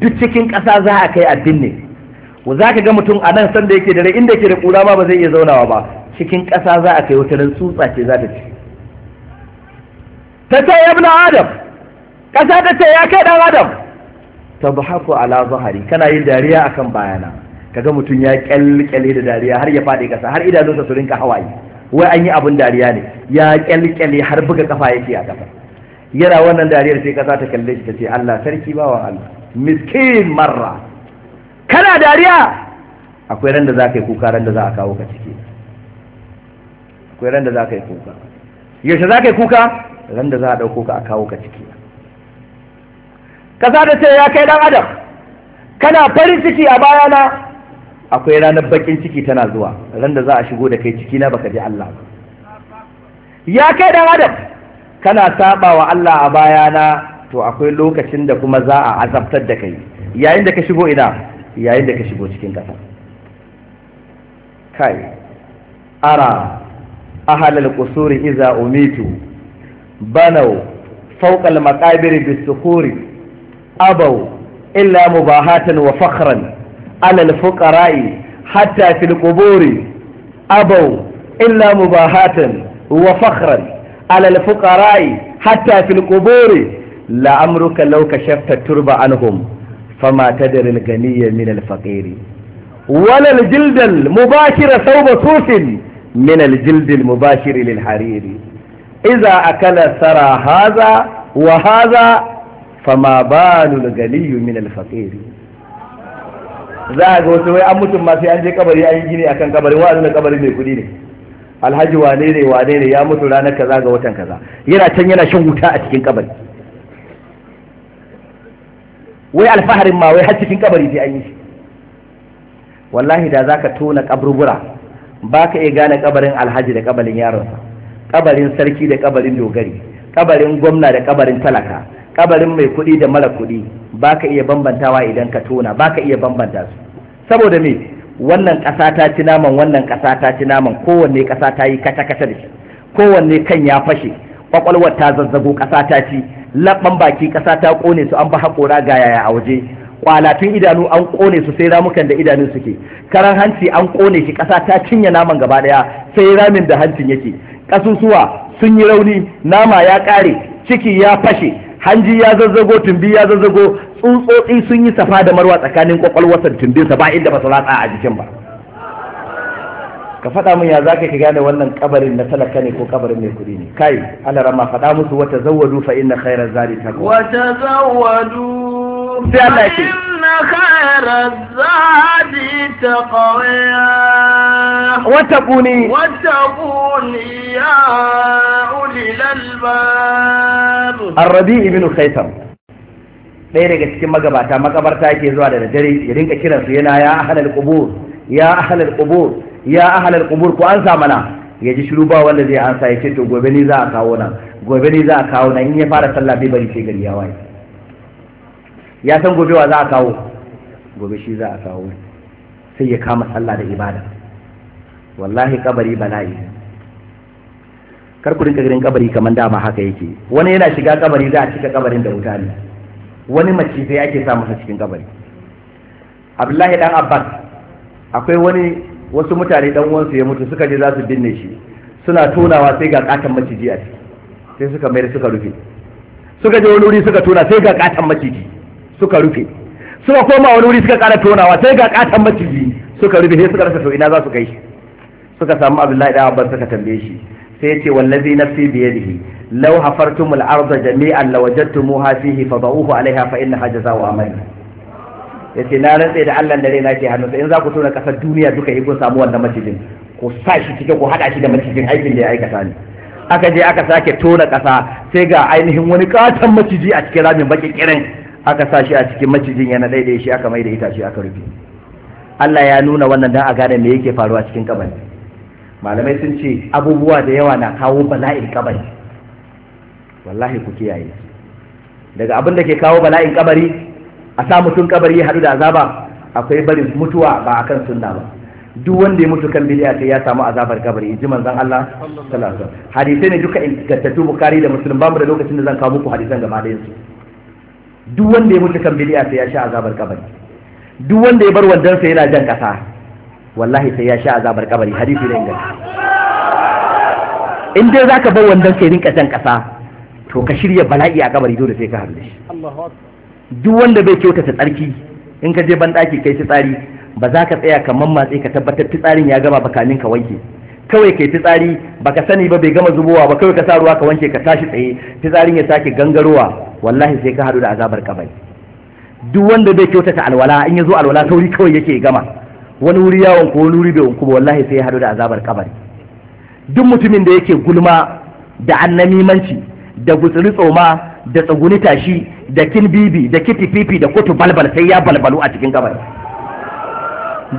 duk cikin ƙasa za a kai a binne za ka ga mutum a nan sanda yake da rai inda yake da ƙura ma ba zai iya zaunawa ba cikin ƙasa za a kai wata nan tsutsa ce za ta ci ta ce ya adam ƙasa ta ce ya kai ɗan adam tabhaku ala zahari kana yin dariya akan bayana kaga mutum ya kyalkyale da dariya har ya fadi kasa har idanunsa su rinka hawaye wai an yi abun dariya ne ya kyalkyale har buga kafa yake a kafa yana wannan dariyar sai kasa ta kalle shi ta ce Allah sarki bawa Allah miskin marra kana dariya akwai ran da za ka yi kuka ran da za a kawo ka ciki akwai ran da za ka yi kuka yaushe za ka yi kuka ran da za a ɗauko ka a kawo ka ciki kasa da ce ya kai dan adam kana farin ciki a bayana akwai ranar bakin ciki tana zuwa ran da za a shigo da kai ciki na baka ji Allah ya kai dan adam kana saba wa Allah a bayana to akwai lokacin da kuma za a azabtar da kai yayin da ka shigo ina yayin da ka shigo cikin kasa kai ara ahalal qusuri iza umitu banau fawqa al maqabir bis أبوا إلا مباهاة وفخرا على الفقراء حتى في القبور أبوا إلا مباهاة وفخرا على الفقراء حتى في القبور لأمرك لو كشفت التربة عنهم فما تدري الغني من الفقير ولا الجلد المباشر ثوب صوف من الجلد المباشر للحرير إذا أكل ثرى هذا وهذا fama balul galiyu min alfaqiri za a ga wasu wai an mutum ma sai an je kabari an yi gini akan kabari wa na kabari mai kudi ne alhaji wane ne wane ne ya mutu ranar kaza ga watan kaza yana can yana shan wuta a cikin kabari wai alfaharin ma wai har cikin kabari sai an yi shi wallahi da zaka tona kaburbura baka iya gane kabarin alhaji da kabarin yaronsa kabarin sarki da kabarin dogari kabarin gwamna da kabarin talaka kabarin mai kuɗi da mara kuɗi ba ka iya bambantawa idan ka tona ba ka iya bambanta su saboda me wannan ƙasa ta ci naman wannan ƙasa ta ci naman kowanne ƙasa ta yi kata kata da shi kowanne kan ya fashe ƙwaƙwalwar ta zazzago ƙasa ta ci labban baki ƙasa ta ƙone su an ba haƙora ga yaya a waje kwalatun idanu an ƙone su sai ramukan da idanu suke karan hanci an ƙone shi ƙasa ta cinye naman gaba ɗaya sai ramin da hancin yake ƙasusuwa sun yi rauni nama ya ƙare ciki ya fashe hanji ya zazzago tumbi ya zazzago tsuntsotsi sun yi safa da marwa tsakanin kwakwalwarsa tumbinsa ba inda ba su latsa a jikin ba ka faɗa min ya za ka gane wannan kabarin na talaka ne ko kabarin mai kuɗi ne kai Allah rama faɗa musu wata zawwadu fa inna khairaz zari taqwa wata zawwadu sai Allah ya ce inna khayra zadi taqwa wattaquni ya ulil albab Ar-Rabi ibn Khaitam ɗaya daga cikin magabata makabarta yake zuwa da dare ya rinka kiransu yana ya ahalar qubur ya ahalar qubur ya ahalar qubur ku an sa mana ya ji shiru ba wanda zai ansa ya ce to gobe ni za a kawo nan gobe ni za a kawo nan in ya fara sallah bai bari sai gari ya waye ya san gobe wa za a kawo gobe shi za a kawo sai ya kama sallah da ibada wallahi kabari bala'i kar ku rinka ganin kabari kamar dama haka yake wani yana shiga kabari za a cika kabarin da wuta ne wani mace sai ake sa masa cikin kabari abdullahi dan abbas akwai wani wasu mutane dan uwansu ya mutu suka je za su binne shi suna tonawa sai ga katan maciji a ciki sai suka mayar suka rufe suka je wani wuri suka tona sai ga katan maciji suka rufe suka koma wani wuri suka ƙara tonawa sai ga ƙatan maciji suka rufe sai suka rasa to ina za su kai suka samu abdullahi da abban suka tambaye shi sai ce wallazi nafsi biyadihi law hafartumul arda jami'an lawajadtumuha fihi fadauhu alaiha fa innaha jazaa'u amal yace na rantsa da Allah da rai na ke hannu in za ku tona kasar duniya duka yi kun samu wannan macijin ku sa shi cikin ku hada shi da macijin aikin da ya aikata ne aka je aka sake tona kasa sai ga ainihin wani katon maciji a cikin ramin baki kiran. aka sa shi a cikin macijin yana ɗaiɗaya shi aka mai da itace aka rufe Allah ya nuna wannan don a gane me yake faruwa cikin kabari malamai sun ce abubuwa da yawa na kawo bala'in kabari wallahi ku kiyaye daga abin da ke kawo bala'in kabari a sa mutum kabari ya haɗu da azaba akwai barin mutuwa ba a kan sunna ba duk wanda ya mutu kan bid'a sai ya samu azabar kabari ji manzon Allah sallallahu alaihi wasallam hadisi ne duka in ingantattu bukari da muslim bamu da lokacin da zan kawo muku hadisan gaba da yanzu duk wanda ya mutu kan bid'a sai ya sha azabar kabari duk wanda ya bar wandan sai yana jan kasa wallahi sai ya sha azabar kabari hadisi ne inganta in dai zaka bar wandan ka rinka jan kasa to ka shirya bala'i a kabari dole sai ka harbe shi duk wanda bai kyautata tsarki in ka je ban daki kai fitsari ba za ka tsaya kamar matsayi ka tabbatar fitsarin ya gama bakanin ka wanke kawai kai fitsari baka sani ba bai gama zubowa ba kawai ka sa ruwa ka wanke ka tashi tsaye fitsarin ya sake gangarowa wallahi sai ka hadu da azabar kabari duk wanda bai kyautata alwala in ya zo alwala sauri kawai yake gama wani wuri yawon ko wani wuri bai wanku ba wallahi sai ya hadu da azabar kabari duk mutumin da yake gulma da annamimanci da gutsiri tsoma da tsaguni tashi da kin bibi da kiti fifi da kotu balbal sai ya balbalu a cikin kabari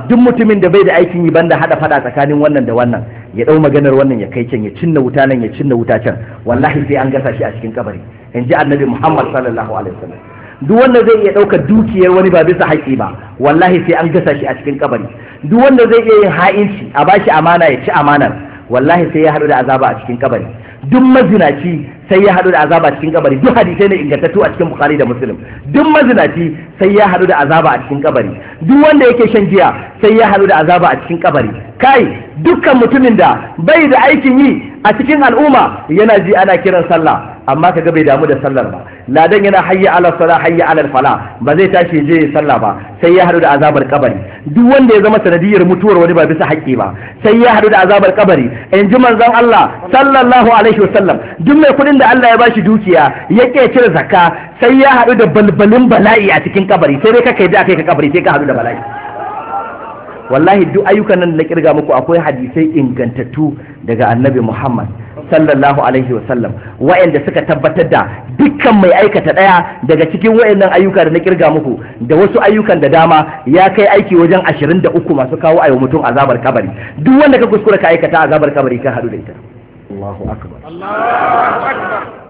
duk mutumin da bai da aikin yi banda haɗa fada tsakanin wannan da wannan ya ɗau maganar wannan ya kai can ya cinna wuta nan ya cinna wuta can wallahi sai an gasa shi a cikin kabari in ji annabi muhammad sallallahu alaihi wasallam duk wanda zai iya ɗaukar dukiyar wani ba bisa haƙƙi ba wallahi sai an gasa shi a cikin kabari duk wanda zai iya yin ha'inci a bashi amana ya ci amanar wallahi sai ya haɗu da azaba a cikin kabari duk mazinaci sai ya haɗu da azaba cikin kabari duk hadisai ne ingantattu a cikin bukari da muslim duk mazinaci sai ya haɗu da azaba a cikin kabari duk wanda yake shan giya sai ya haɗu da azaba a cikin kabari kai dukkan mutumin da bai da aikin yi a cikin al'umma yana ji ana kiran sallah amma kaga bai damu da sallar ba ladan yana hayya ala sala hayya ala fala ba zai tashi je ya sallah ba sai ya haɗu da azabar kabari duk wanda ya zama sanadiyar mutuwar wani ba bisa haƙƙi ba sai ya haɗu da azabar kabari in ji manzon Allah sallallahu alaihi wasallam duk mai kuɗin da Allah ya bashi dukiya yake cire zakka sai ya haɗu da balbalin bala'i a cikin kabari sai dai kai da kai ka kabari sai ka haɗu da bala'i wallahi duk ayyukan nan da na kirga muku akwai hadisai ingantattu daga annabi Muhammad sallallahu alaihi wasallam wa'anda suka tabbatar da dukkan mai aikata daya daga cikin wa'annan ayyuka da na kirga muku da wasu ayyukan da dama ya kai aiki wajen 23 masu kawo ayo mutum azabar kabari duk wanda ka kuskura ka aikata azabar kabari ka hadu da ita Allahu akbar Allahu akbar